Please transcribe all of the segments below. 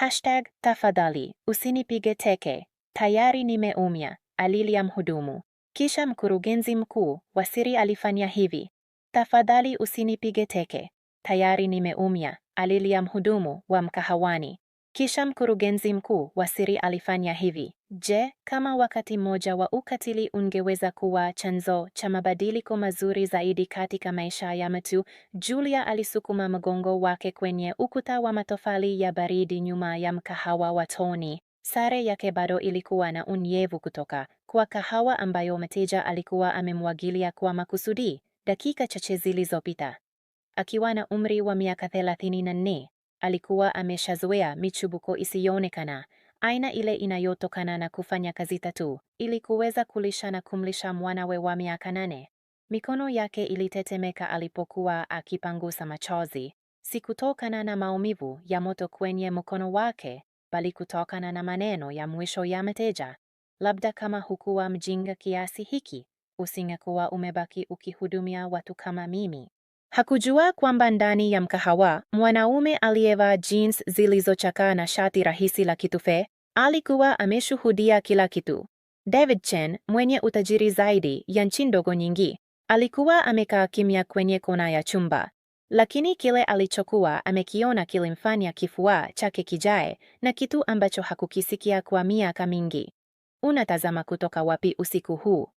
Hashtag tafadhali, usinipige teke, tayari nimeumia, alilia mhudumu. Kisha mkurugenzi mkuu wa siri alifanya hivi. Tafadhali usinipige teke, tayari nimeumia, alilia mhudumu wa mkahawani. Kisha mkurugenzi mkuu wa siri alifanya hivi: Je, kama wakati mmoja wa ukatili ungeweza kuwa chanzo cha mabadiliko mazuri zaidi katika maisha ya mtu? Julia alisukuma mgongo wake kwenye ukuta wa matofali ya baridi nyuma ya mkahawa wa Tony. Sare yake bado ilikuwa na unyevu kutoka kwa kahawa ambayo mteja alikuwa amemwagilia kwa makusudi dakika chache zilizopita. Akiwa na umri wa miaka 34, Alikuwa ameshazoea michubuko isiyoonekana, aina ile inayotokana na kufanya kazi tatu ili kuweza kulisha na kumlisha mwanawe wa miaka nane. Mikono yake ilitetemeka alipokuwa akipangusa machozi, si kutokana na maumivu ya moto kwenye mkono wake, bali kutokana na maneno ya mwisho ya mteja. Labda kama hukuwa mjinga kiasi hiki, usingekuwa umebaki ukihudumia watu kama mimi. Hakujua kwamba ndani ya mkahawa mwanaume aliyevaa jeans zilizochakaa na shati rahisi la kitufe alikuwa ameshuhudia kila kitu. David Chen mwenye utajiri zaidi ya nchi ndogo nyingi alikuwa amekaa kimya kwenye kona ya chumba, lakini kile alichokuwa amekiona kilimfanya kifua chake kijae na kitu ambacho hakukisikia kwa miaka mingi. Unatazama kutoka wapi usiku huu?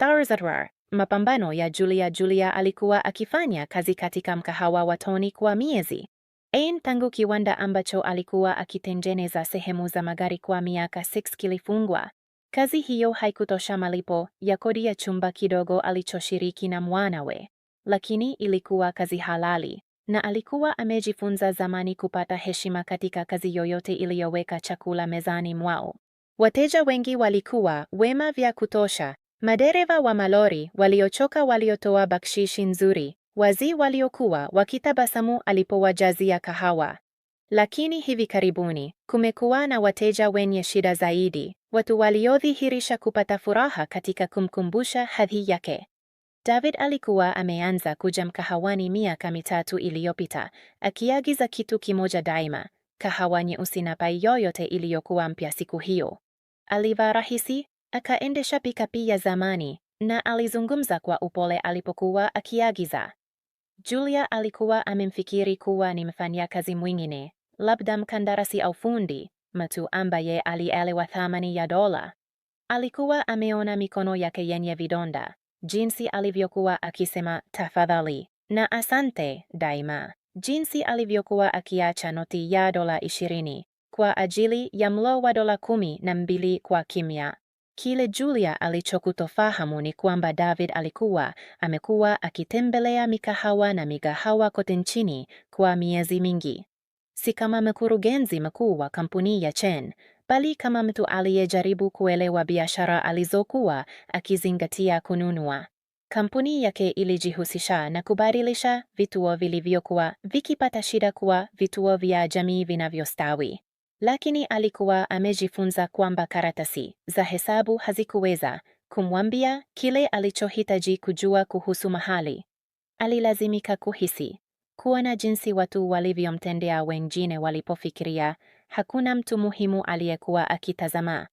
Tarzadrar Mapambano ya Julia. Julia alikuwa akifanya kazi katika mkahawa wa Tony kwa miezi Ain tangu kiwanda ambacho alikuwa akitengeneza sehemu za magari kwa miaka 6 kilifungwa. Kazi hiyo haikutosha malipo ya kodi ya chumba kidogo alichoshiriki na mwanawe, lakini ilikuwa kazi halali na alikuwa amejifunza zamani kupata heshima katika kazi yoyote iliyoweka chakula mezani mwao. Wateja wengi walikuwa wema vya kutosha Madereva wa malori waliochoka waliotoa bakshishi nzuri, wazee waliokuwa wakitabasamu alipowajazia kahawa. Lakini hivi karibuni kumekuwa na wateja wenye shida zaidi, watu waliodhihirisha kupata furaha katika kumkumbusha hadhi yake. David alikuwa ameanza kuja mkahawani miaka mitatu iliyopita, akiagiza kitu kimoja daima, kahawa nyeusi na pai yoyote iliyokuwa mpya siku hiyo. Alivaa rahisi, Akaendesha pikapi ya zamani na alizungumza kwa upole alipokuwa akiagiza. Julia alikuwa amemfikiri kuwa ni mfanyakazi mwingine, labda mkandarasi au fundi, mtu ambaye alielewa thamani ya dola. Alikuwa ameona mikono yake yenye vidonda, jinsi alivyokuwa akisema tafadhali na asante daima, jinsi alivyokuwa akiacha noti ya dola ishirini kwa ajili ya mlo wa dola kumi na mbili kwa kimya. Kile Julia alichokutofahamu ni kwamba David alikuwa amekuwa akitembelea mikahawa na migahawa kote nchini kwa miezi mingi, si kama mkurugenzi mkuu wa kampuni ya Chen, bali kama mtu aliyejaribu kuelewa biashara alizokuwa akizingatia kununua. Kampuni yake ilijihusisha na kubadilisha vituo vilivyokuwa vikipata shida kuwa vituo vya jamii vinavyostawi lakini alikuwa amejifunza kwamba karatasi za hesabu hazikuweza kumwambia kile alichohitaji kujua kuhusu mahali. Alilazimika kuhisi, kuona jinsi watu walivyomtendea wengine walipofikiria hakuna mtu muhimu aliyekuwa akitazama.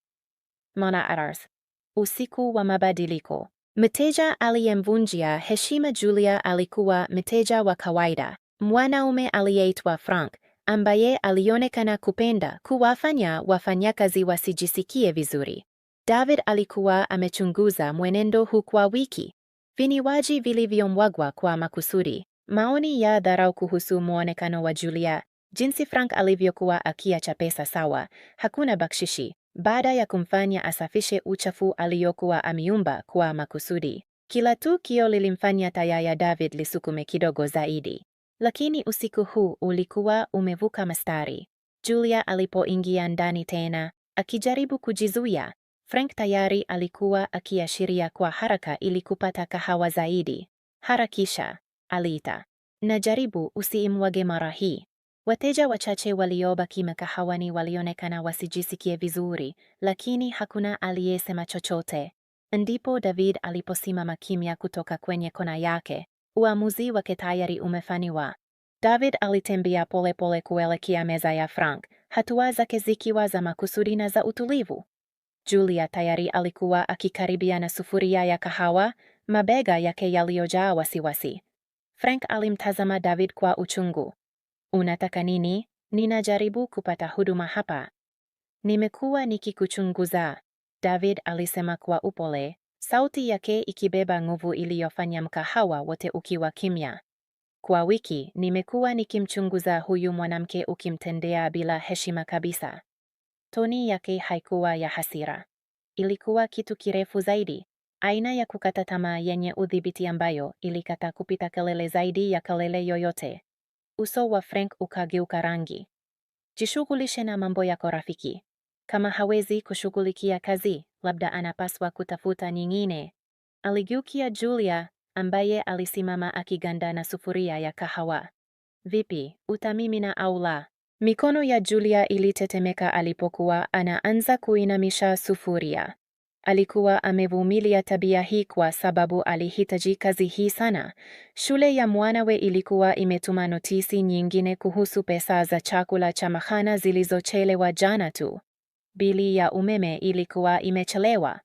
Mona Arars, usiku wa mabadiliko. Mteja aliyemvunjia heshima Julia alikuwa mteja wa kawaida, mwanaume aliyeitwa Frank ambaye alionekana kupenda kuwafanya wafanyakazi wasijisikie vizuri. David alikuwa amechunguza mwenendo huu kwa wiki: vinywaji vilivyomwagwa kwa makusudi, maoni ya dharau kuhusu mwonekano wa Julia, jinsi Frank alivyokuwa akiacha pesa sawa, hakuna bakshishi, baada ya kumfanya asafishe uchafu aliyokuwa ameumba kwa makusudi. Kila tukio lilimfanya taya ya David lisukume kidogo zaidi. Lakini usiku huu ulikuwa umevuka mastari Julia alipoingia ndani tena, akijaribu kujizuia, Frank tayari alikuwa akiashiria kwa haraka ili kupata kahawa zaidi. Harakisha, aliita. Najaribu usiimwage mara hii. Wateja wachache waliobaki makahawani walionekana wasijisikie vizuri, lakini hakuna aliyesema chochote. Ndipo David aliposimama kimya kutoka kwenye kona yake. Uamuzi wake tayari umefanywa. David alitembea polepole kuelekea meza ya Frank, hatua zake zikiwa za makusudi na za utulivu. Julia tayari alikuwa akikaribia na sufuria ya kahawa, mabega yake yaliyojaa wasiwasi. Frank alimtazama David kwa uchungu. Unataka nini? Ninajaribu kupata huduma hapa. Nimekuwa nikikuchunguza, David alisema kwa upole, sauti yake ikibeba nguvu iliyofanya mkahawa wote ukiwa kimya. Kwa wiki nimekuwa nikimchunguza huyu mwanamke, ukimtendea bila heshima kabisa. Toni yake haikuwa ya hasira, ilikuwa kitu kirefu zaidi, aina ya kukata tamaa yenye udhibiti, ambayo ilikata kupita kelele zaidi ya kelele yoyote. Uso wa Frank ukageuka rangi. Jishughulishe na mambo yako rafiki. Kama hawezi kushughulikia kazi, labda anapaswa kutafuta nyingine. Aligeukia Julia ambaye alisimama akiganda na sufuria ya kahawa. Vipi, utamimina au la? Mikono ya Julia ilitetemeka alipokuwa anaanza kuinamisha sufuria. Alikuwa amevumilia tabia hii kwa sababu alihitaji kazi hii sana. Shule ya mwanawe ilikuwa imetuma notisi nyingine kuhusu pesa za chakula cha mchana zilizochelewa jana tu. Bili ya umeme ilikuwa imechelewa.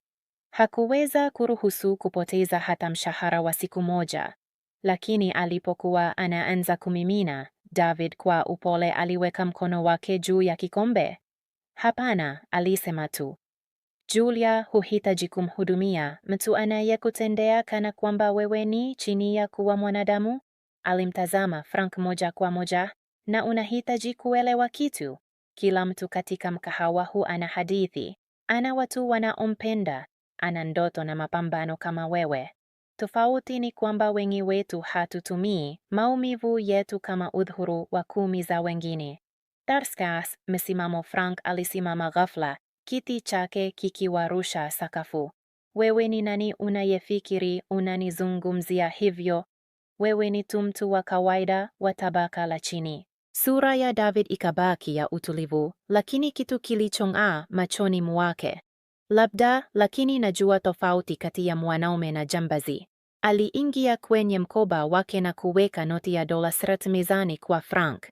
Hakuweza kuruhusu kupoteza hata mshahara wa siku moja. Lakini alipokuwa anaanza kumimina, David kwa upole aliweka mkono wake juu ya kikombe. Hapana, alisema tu. Julia, huhitaji kumhudumia mtu anayekutendea kana kwamba wewe ni chini ya kuwa mwanadamu. Alimtazama Frank moja kwa moja, na unahitaji kuelewa kitu. Kila mtu katika mkahawa huu ana hadithi, ana watu wanaompenda, ana ndoto na mapambano kama wewe. Tofauti ni kwamba wengi wetu hatutumii maumivu yetu kama udhuru wa kumi za wengine. tarskas msimamo. Frank alisimama ghafla, kiti chake kikiwarusha sakafu. Wewe ni nani unayefikiri unanizungumzia hivyo? Wewe ni tu mtu wa kawaida wa tabaka la chini. Sura ya David ikabaki ya utulivu, lakini kitu kilichong'aa machoni mwake. Labda, lakini najua tofauti kati ya mwanaume na jambazi. Aliingia kwenye mkoba wake na kuweka noti ya dola srat mezani kwa Frank.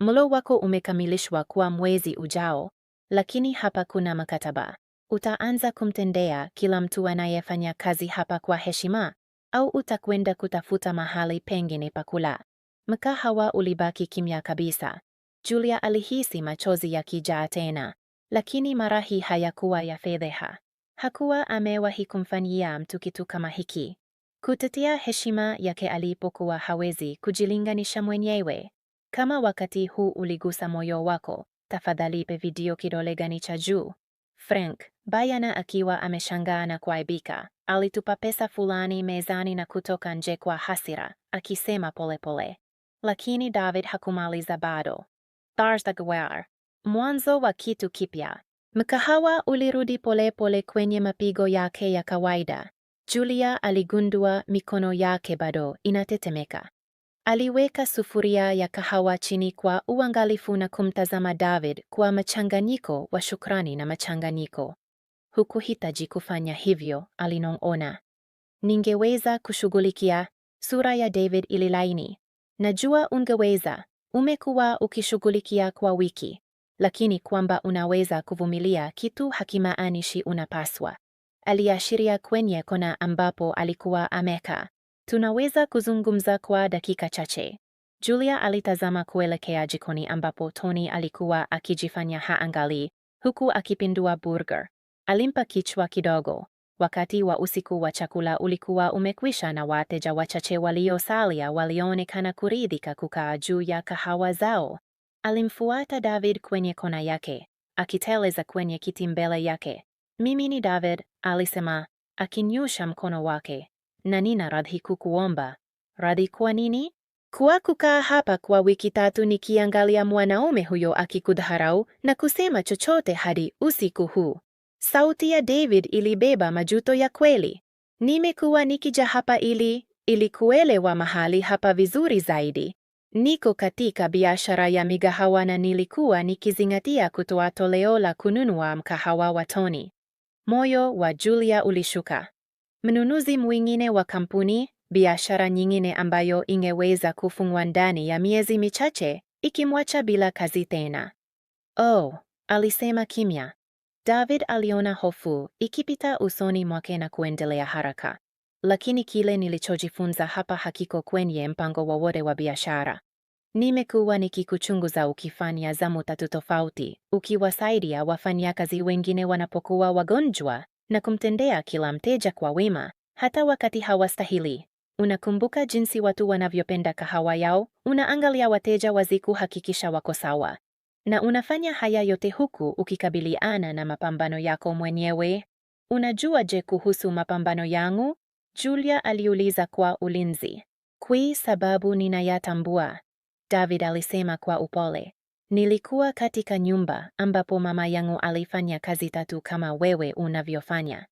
Mlo wako umekamilishwa kwa mwezi ujao, lakini hapa kuna makataba Utaanza kumtendea kila mtu anayefanya kazi hapa kwa heshima, au utakwenda kutafuta mahali pengine pa kula. Mkahawa ulibaki kimya kabisa. Julia alihisi machozi yakijaa tena, lakini mara hii hayakuwa ya fedheha. Hakuwa amewahi kumfanyia mtu kitu kama hiki, kutetea heshima yake alipokuwa hawezi kujilinganisha mwenyewe. Kama wakati huu uligusa moyo wako, tafadhali pe video kidole gani cha juu. Frank bayana akiwa ameshangaa na kuaibika, alitupa pesa fulani mezani na kutoka nje kwa hasira, akisema polepole pole lakini David hakumaliza bado. Thursday, mwanzo wa kitu kipya. Mkahawa ulirudi polepole kwenye mapigo yake ya kawaida. Julia aligundua mikono yake bado inatetemeka. Aliweka sufuria ya kahawa chini kwa uangalifu na kumtazama David kwa machanganyiko wa shukrani na machanganyiko. Hukuhitaji kufanya hivyo, alinong'ona. Ningeweza kushughulikia. Sura ya David ililaini. Najua ungeweza, umekuwa ukishughulikia kwa wiki, lakini kwamba unaweza kuvumilia kitu hakimaanishi unapaswa. Aliashiria kwenye kona ambapo alikuwa amekaa. Tunaweza kuzungumza kwa dakika chache. Julia alitazama kuelekea jikoni ambapo Tony alikuwa akijifanya haangali huku akipindua burger. Alimpa kichwa kidogo. Wakati wa usiku wa chakula ulikuwa umekwisha na wateja wachache waliosalia walionekana kuridhika kukaa juu ya kahawa zao. Alimfuata David kwenye kona yake, akiteleza kwenye kiti mbele yake. Mimi ni David, alisema, akinyusha mkono wake, na nina radhi kukuomba. Radhi kwa nini? Kwa kukaa hapa kwa wiki tatu nikiangalia mwanaume huyo akikudharau na kusema chochote hadi usiku huu. Sauti ya David ilibeba majuto ya kweli. Nimekuwa nikija hapa ili ili kuelewa mahali hapa vizuri zaidi. Niko katika biashara ya migahawa na nilikuwa nikizingatia kutoa toleo la kununua mkahawa wa Tony. Moyo wa Julia ulishuka. Mnunuzi mwingine wa kampuni, biashara nyingine ambayo ingeweza kufungwa ndani ya miezi michache, ikimwacha bila kazi tena. Oh, alisema kimya. David aliona hofu ikipita usoni mwake na kuendelea haraka. Lakini kile nilichojifunza hapa hakiko kwenye mpango wowote wa biashara. Nimekuwa nikikuchunguza ukifanya zamu tatu tofauti, ukiwasaidia wafanyakazi wengine wanapokuwa wagonjwa na kumtendea kila mteja kwa wema, hata wakati hawastahili. Unakumbuka jinsi watu wanavyopenda kahawa yao? Unaangalia wateja wazi kuhakikisha wako sawa, na unafanya haya yote huku ukikabiliana na mapambano yako mwenyewe. Unajua je kuhusu mapambano yangu? Julia aliuliza kwa ulinzi. Kwa sababu ninayatambua, David alisema kwa upole. Nilikuwa katika nyumba ambapo mama yangu alifanya kazi tatu kama wewe unavyofanya.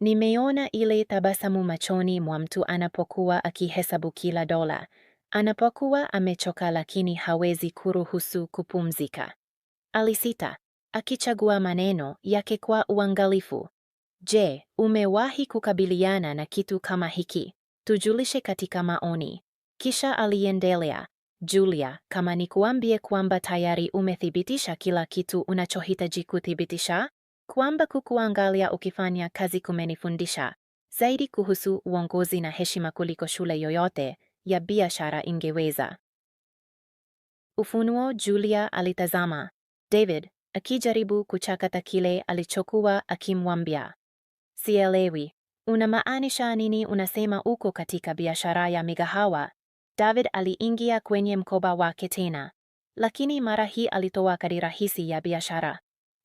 Nimeona ile tabasamu machoni mwa mtu anapokuwa akihesabu kila dola, Anapokuwa amechoka lakini hawezi kuruhusu kupumzika. Alisita, akichagua maneno yake kwa uangalifu. Je, umewahi kukabiliana na kitu kama hiki? Tujulishe katika maoni. Kisha aliendelea, Julia, kama nikuambie kwamba tayari umethibitisha kila kitu unachohitaji kuthibitisha, kwamba kukuangalia ukifanya kazi kumenifundisha zaidi kuhusu uongozi na heshima kuliko shule yoyote ya biashara ingeweza. Ufunuo. Julia alitazama David akijaribu kuchakata kile alichokuwa akimwambia. Sielewi, unamaanisha nini unasema uko katika biashara ya migahawa? David aliingia kwenye mkoba wake tena, lakini mara hii alitoa kadi rahisi ya biashara.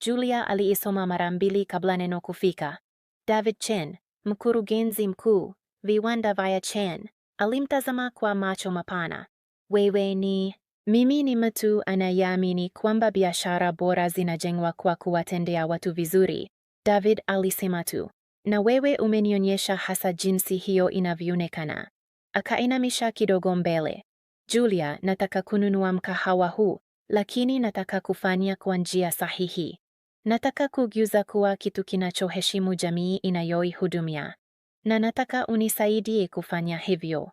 Julia aliisoma mara mbili kabla neno kufika. David Chen, mkurugenzi mkuu, viwanda vya Chen, Alimtazama kwa macho mapana. Wewe ni... Mimi ni mtu anayeamini kwamba biashara bora zinajengwa kwa kuwatendea watu vizuri, David alisema tu, na wewe umenionyesha hasa jinsi hiyo inavyoonekana. Akainamisha kidogo mbele. Julia, nataka kununua mkahawa huu, lakini nataka kufanya kwa njia sahihi. Nataka kugeuza kuwa kitu kinachoheshimu jamii inayoihudumia na nataka unisaidie kufanya hivyo.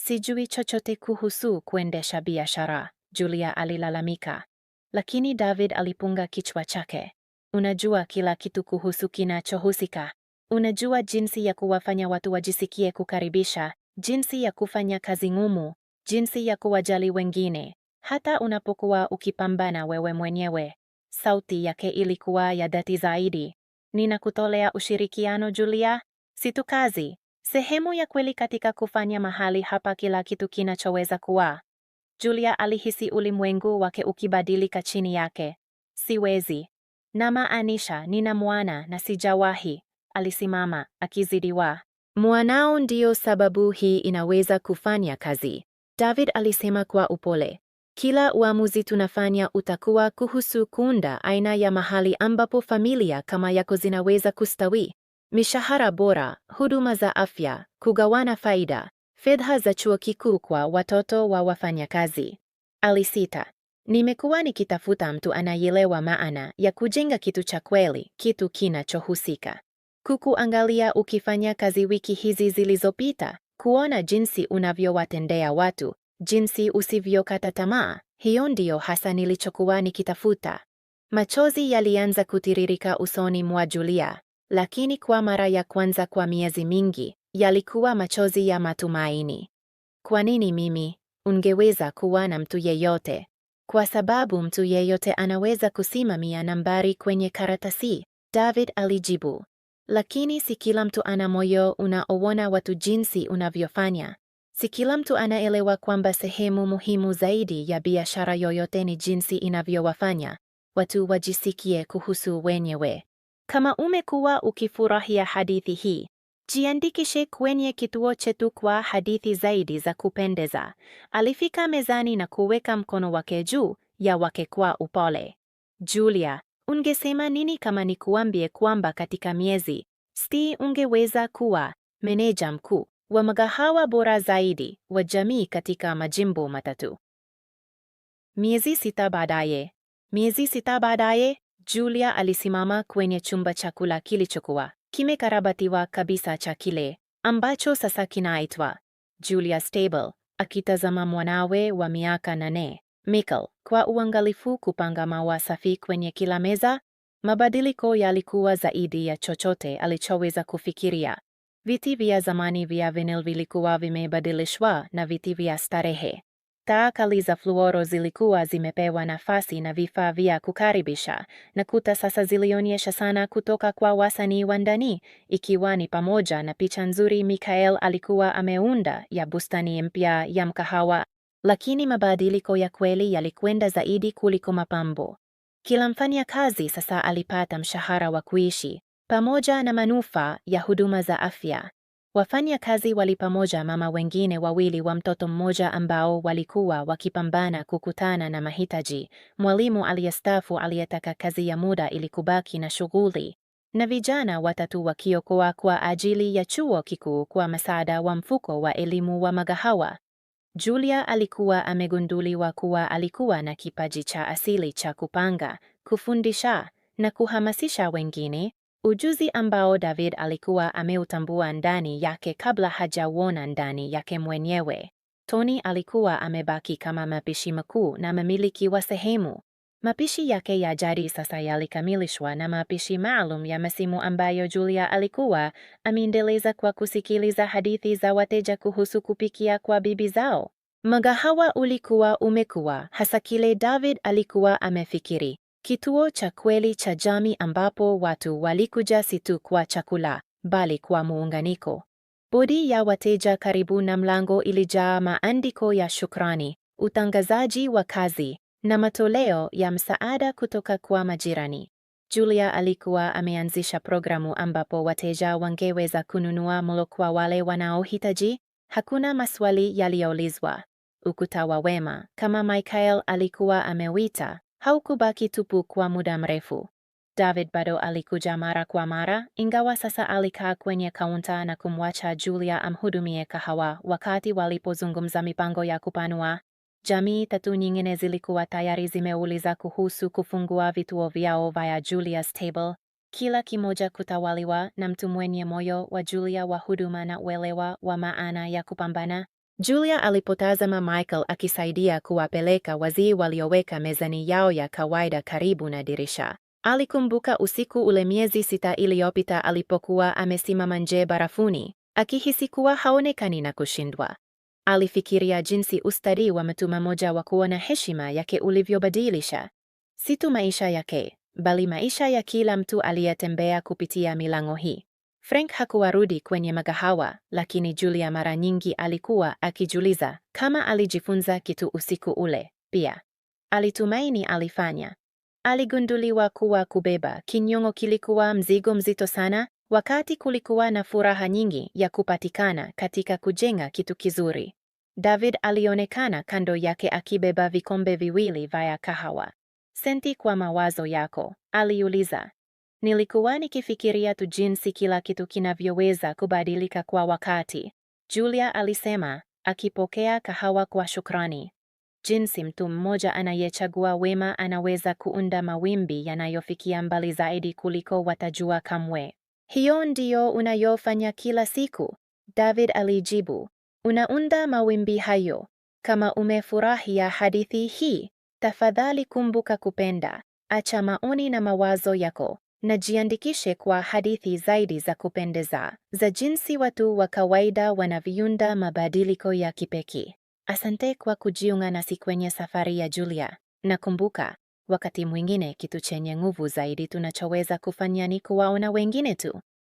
Sijui chochote kuhusu kuendesha biashara, Julia alilalamika, lakini David alipunga kichwa chake. Unajua kila kitu kuhusu kinachohusika. Unajua jinsi ya kuwafanya watu wajisikie kukaribisha, jinsi ya kufanya kazi ngumu, jinsi ya kuwajali wengine, hata unapokuwa ukipambana wewe mwenyewe. Sauti yake ilikuwa ya dhati zaidi. Ninakutolea ushirikiano Julia, kazi sehemu ya kweli katika kufanya mahali hapa kila kitu kinachoweza kuwa. Julia alihisi ulimwengu wake ukibadilika chini yake. Siwezi. Namaanisha nina mwana na sijawahi. Alisimama akizidiwa. Mwanao ndiyo sababu hii inaweza kufanya kazi, David alisema kwa upole. Kila uamuzi tunafanya utakuwa kuhusu kuunda aina ya mahali ambapo familia kama yako zinaweza kustawi mishahara bora, huduma za afya, kugawana faida, fedha za chuo kikuu kwa watoto wa wafanyakazi. Alisita. Nimekuwa nikitafuta mtu anayeelewa maana ya kujenga kitu cha kweli, kitu kinachohusika. Kukuangalia ukifanya kazi wiki hizi zilizopita, kuona jinsi unavyowatendea watu, jinsi usivyokata tamaa, hiyo ndiyo hasa nilichokuwa nikitafuta. Machozi yalianza kutiririka usoni mwa Julia lakini kwa mara ya kwanza kwa miezi mingi, yalikuwa machozi ya matumaini. Kwa nini mimi? Ungeweza kuwa na mtu yeyote, kwa sababu mtu yeyote anaweza kusimamia nambari kwenye karatasi, David alijibu. Lakini si kila mtu ana moyo unaoona watu jinsi unavyofanya. Si kila mtu anaelewa kwamba sehemu muhimu zaidi ya biashara yoyote ni jinsi inavyowafanya watu wajisikie kuhusu wenyewe. Kama umekuwa ukifurahia hadithi hii, jiandikishe kwenye kituo chetu kwa hadithi zaidi za kupendeza. Alifika mezani na kuweka mkono wake juu ya wake kwa upole. Julia, ungesema nini kama nikuambie kwamba katika miezi sti ungeweza kuwa meneja mkuu wa magahawa bora zaidi wa jamii katika majimbo matatu? Miezi sita baadaye. Miezi sita baadaye, Julia alisimama kwenye chumba cha kula kilichokuwa kimekarabatiwa kabisa cha kile ambacho sasa kinaitwa Julia Stable, akitazama mwanawe wa miaka nane Michael kwa uangalifu kupanga maua safi kwenye kila meza. Mabadiliko yalikuwa zaidi ya chochote alichoweza kufikiria. Viti vya zamani vya vinyl vilikuwa vimebadilishwa na viti vya starehe Taa kali za fluoro zilikuwa zimepewa nafasi na vifaa vya kukaribisha, na kuta sasa zilionyesha sana kutoka kwa wasanii wa ndani, ikiwa ni pamoja na picha nzuri Mikael alikuwa ameunda ya bustani mpya ya mkahawa. Lakini mabadiliko ya kweli yalikwenda zaidi kuliko mapambo. Kila kazi sasa alipata mshahara wa kuishi pamoja na manufaa ya huduma za afya wafanya wali walipamoja mama wengine wawili wa mtoto mmoja ambao walikuwa wakipambana kukutana na mahitaji, mwalimu aliyestaafu aliyetaka kazi ya muda ili kubaki na shughuli, na vijana watatu wakiokoa kwa ajili ya chuo kikuu kwa msaada wa mfuko wa elimu wa magahawa. Julia alikuwa amegunduliwa kuwa alikuwa na kipaji cha asili cha kupanga, kufundisha na kuhamasisha wengine ujuzi ambao David alikuwa ameutambua ndani yake kabla hajauona ndani yake mwenyewe. Tony alikuwa amebaki kama mapishi mkuu na mamiliki wa sehemu. Mapishi yake ya jadi sasa yalikamilishwa na mapishi maalum ya masimu ambayo Julia alikuwa ameendeleza kwa kusikiliza hadithi za wateja kuhusu kupikia kwa bibi zao. Mgahawa ulikuwa umekuwa hasa kile David alikuwa amefikiri kituo cha kweli cha jamii ambapo watu walikuja si tu kwa chakula, bali kwa muunganiko. Bodi ya wateja karibu na mlango ilijaa maandiko ya shukrani, utangazaji wa kazi na matoleo ya msaada kutoka kwa majirani. Julia alikuwa ameanzisha programu ambapo wateja wangeweza kununua mlo kwa wale wanaohitaji. Hakuna maswali yaliyoulizwa. Ukuta wa wema, kama Michael alikuwa amewita, haukubaki tupu kwa muda mrefu. David bado alikuja mara kwa mara, ingawa sasa alikaa kwenye kaunta na kumwacha Julia amhudumie kahawa wakati walipozungumza mipango ya kupanua. Jamii tatu nyingine zilikuwa tayari zimeuliza kuhusu kufungua vituo vyao vya Julia's Table, kila kimoja kutawaliwa na mtu mwenye moyo wa Julia wa huduma na uelewa wa maana ya kupambana. Julia alipotazama Michael akisaidia kuwapeleka wazee walioweka mezani yao ya kawaida karibu na dirisha. Alikumbuka usiku ule miezi sita iliyopita alipokuwa amesimama nje barafuni, akihisi kuwa haonekani na kushindwa. Alifikiria jinsi ustadi wa mtu mmoja wa kuona heshima yake ulivyobadilisha si tu maisha yake, bali maisha ya kila mtu aliyetembea kupitia milango hii. Frank hakuwarudi kwenye magahawa, lakini Julia mara nyingi alikuwa akijiuliza kama alijifunza kitu usiku ule. Pia alitumaini alifanya. Aligunduliwa kuwa kubeba kinyongo kilikuwa mzigo mzito sana, wakati kulikuwa na furaha nyingi ya kupatikana katika kujenga kitu kizuri. David alionekana kando yake akibeba vikombe viwili vya kahawa. Senti kwa mawazo yako, aliuliza, Nilikuwa nikifikiria tu jinsi kila kitu kinavyoweza kubadilika kwa wakati, Julia alisema, akipokea kahawa kwa shukrani. Jinsi mtu mmoja anayechagua wema anaweza kuunda mawimbi yanayofikia mbali zaidi kuliko watajua kamwe. Hiyo ndiyo unayofanya kila siku, David alijibu. Unaunda mawimbi hayo. Kama umefurahia hadithi hii, tafadhali kumbuka kupenda. Acha maoni na mawazo yako na jiandikishe kwa hadithi zaidi za kupendeza za jinsi watu wa kawaida wanavyunda mabadiliko ya kipekee. Asante kwa kujiunga nasi kwenye safari ya Julia, na kumbuka, wakati mwingine kitu chenye nguvu zaidi tunachoweza kufanya ni kuwaona wengine tu.